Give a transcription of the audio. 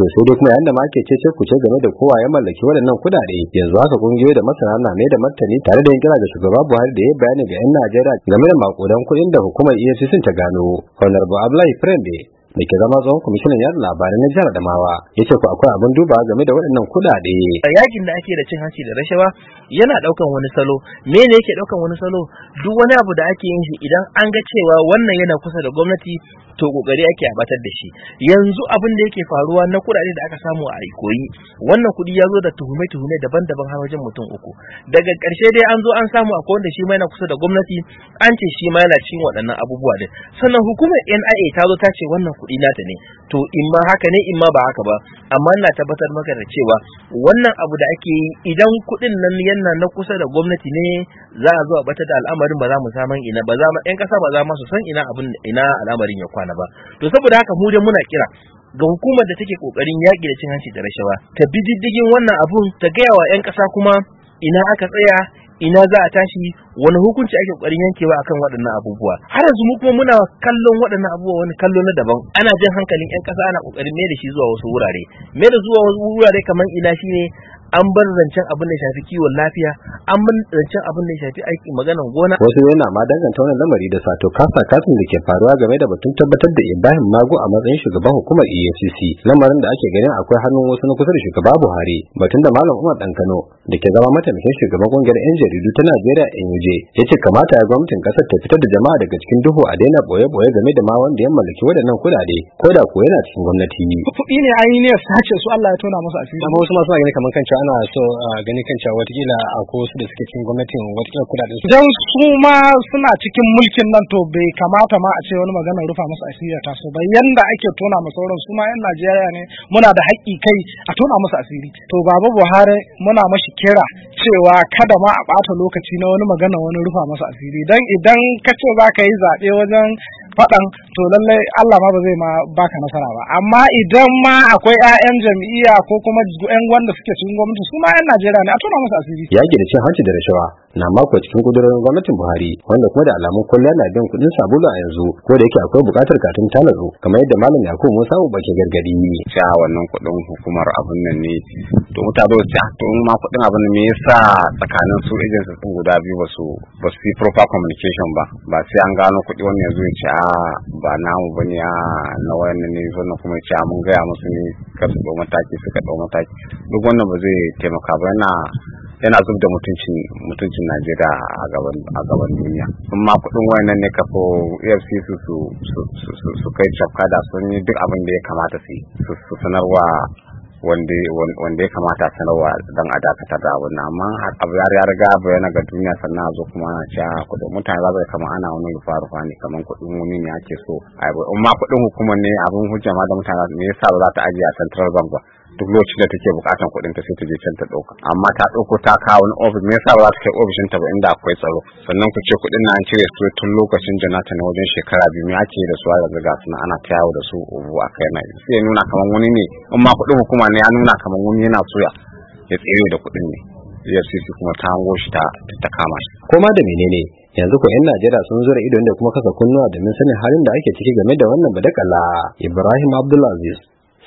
to sai dai kuma yanda da ma ake cece kuce game da kowa ya mallaki waɗannan kuɗaɗe yanzu haka kungiyoyi da masana na ne da martani tare da yin kira ga shugaba Buhari da ya bayani ga 'yan Najeriya game da makudan kuɗin da hukumar EFCC ta gano Honorable Abdullahi Frembe da ke zama tsohon kwamishinan yada labarai na jihar Adamawa ya ce ku akwai abin duba game da waɗannan kuɗaɗe. A yakin da ake da cin hanci da rashawa yana ɗaukan wani salo mene yake ɗaukan wani salo duk wani abu da ake yin shi idan an ga cewa wannan yana kusa da gwamnati to kokari ake a batar da shi yanzu abin da yake faruwa na kuɗaɗe da aka samu a koyi wannan kuɗi ya zo da tuhume-tuhume daban-daban har wajen mutum uku daga ƙarshe dai an zo an samu akwai wanda shi ma yana kusa da gwamnati an ce shi ma yana cin waɗannan abubuwa din sannan hukumar NIA ta zo ta ce wannan kuɗi nata ne to in ma haka ne in ma ba haka ba amma na tabbatar maka da cewa wannan abu da ake yi idan kuɗin nan yana na kusa da gwamnati ne za a zo a bata da al'amarin ba za mu saman ina ba za mu ɗan ƙasa ba za mu san ina abin ina al'amarin ya kwana ba to saboda haka mu dai muna kira ga hukumar da take kokarin yaƙi da cin hanci da rashawa ta bi diddigin wannan abun ta gaya wa 'yan ƙasa kuma ina aka tsaya ina za a tashi wani hukunci ake kokarin yankewa akan waɗannan abubuwa har yanzu mu kuma muna kallon waɗannan abubuwa wani kallo na daban ana jin hankalin yan ƙasa ana kokarin mai da shi zuwa wasu wurare mai da zuwa wasu wurare kamar ina shine an bar zancen abin da shafi kiwon lafiya an bar zancen abin da shafi aiki maganan gona wasu yana ma danganta wannan lamari da sato kasa kasin da ke faruwa game da batun tabbatar da Ibrahim Mago a matsayin shugaban hukumar EFCC lamarin da ake ganin akwai hannun wasu na kusa da shugaba Buhari batun da Malam Umar Dankano da ke zama mataimakin shugaban kungiyar 'yan jaridu ta Najeriya NUJ waje ya ce kamata ya gwamnatin kasar ta fitar da jama'a daga cikin duhu a daina boye-boye game da ma wanda ya mallaki waɗannan kudade. ko da ko yana cikin gwamnati ne. Kuɗi ne an yi ne sace su Allah ya tona musu asiri. Amma wasu masu gani kamar cewa ana so gani cewa watakila a ko su da suke cikin gwamnatin watakila kudade. Idan su ma suna cikin mulkin nan to bai kamata ma a ce wani magana rufa musu asiri ta so ba yanda ake tona musu sauran su ma 'yan Najeriya ne muna da haƙƙi kai a tona musu asiri. To Baba Buhari muna mashi kira cewa kada ma a ɓata lokaci na wani magana wani rufa masa asiri don idan ka ce za ka yi zaɓe wajen faɗan to lallai Allah ma ba zai ma baka nasara ba amma idan ma akwai 'ya'yan jam'iyya ko kuma 'yan wanda suke cikin gwamnati su ma 'yan Najeriya ne a tona musu asiri yaƙi da cin hanci da rashawa na mako cikin kudurin gwamnatin Buhari wanda kuma da alamun kwalliya na biyan kuɗin sabulu a yanzu ko da yake akwai buƙatar katin talazo kamar yadda malam Yakubu Musa Ubake gargadi ne sha wannan kuɗin hukumar abin nan ne to mutane da to ma kuɗin abin me yasa tsakanin su ejensi sun guda biyu ba su ba su yi proper communication ba ba sai an gano kuɗi wannan yanzu ya ba namu ba ne na wayan ne sannan kuma ya ce mun gaya musu ne ka su ɗau mataki ka ɗau mataki duk wannan ba zai taimaka ba yana yana zub da mutuncin mutuncin Najeriya a gaban a gaban duniya in ma kudin wayannan ne ka ko EFCC su su su kai da sun yi duk abin da ya kamata su su sanarwa wanda ya kamata sanarwa don a dakatar da abin amma abu ya riga bayana ga duniya sannan a zo kuma a cewa kudin mutane za su kama ana wani rufa rufa ne kamar kudin wani ne ake so a yi ma kudin hukumar ne abin hujja ma da mutane ne yasa ba za ta ajiye a central bank ba duk lokacin da take bukatan kuɗin ta sai ta je can ta ɗauka amma ta ɗauko ta kawo wani ofis me yasa ba za ta kai ofishin ta ba inda akwai tsaro sannan ku ce kuɗin na an cire su tun lokacin da na wajen shekara biyu me ake da su a yanzu ga suna ana ta yawo da su ubu a kai na sai ya nuna kamar wani ne in ma kuɗin hukuma ne ya nuna kamar wani yana soya ya tsere da kuɗin ne efcc kuma ta hango shi ta ta kama shi koma da menene yanzu ko yan najeriya sun zura ido da kuma kasa kunnuwa domin sanin halin da ake ciki game da wannan badakala ibrahim abdulaziz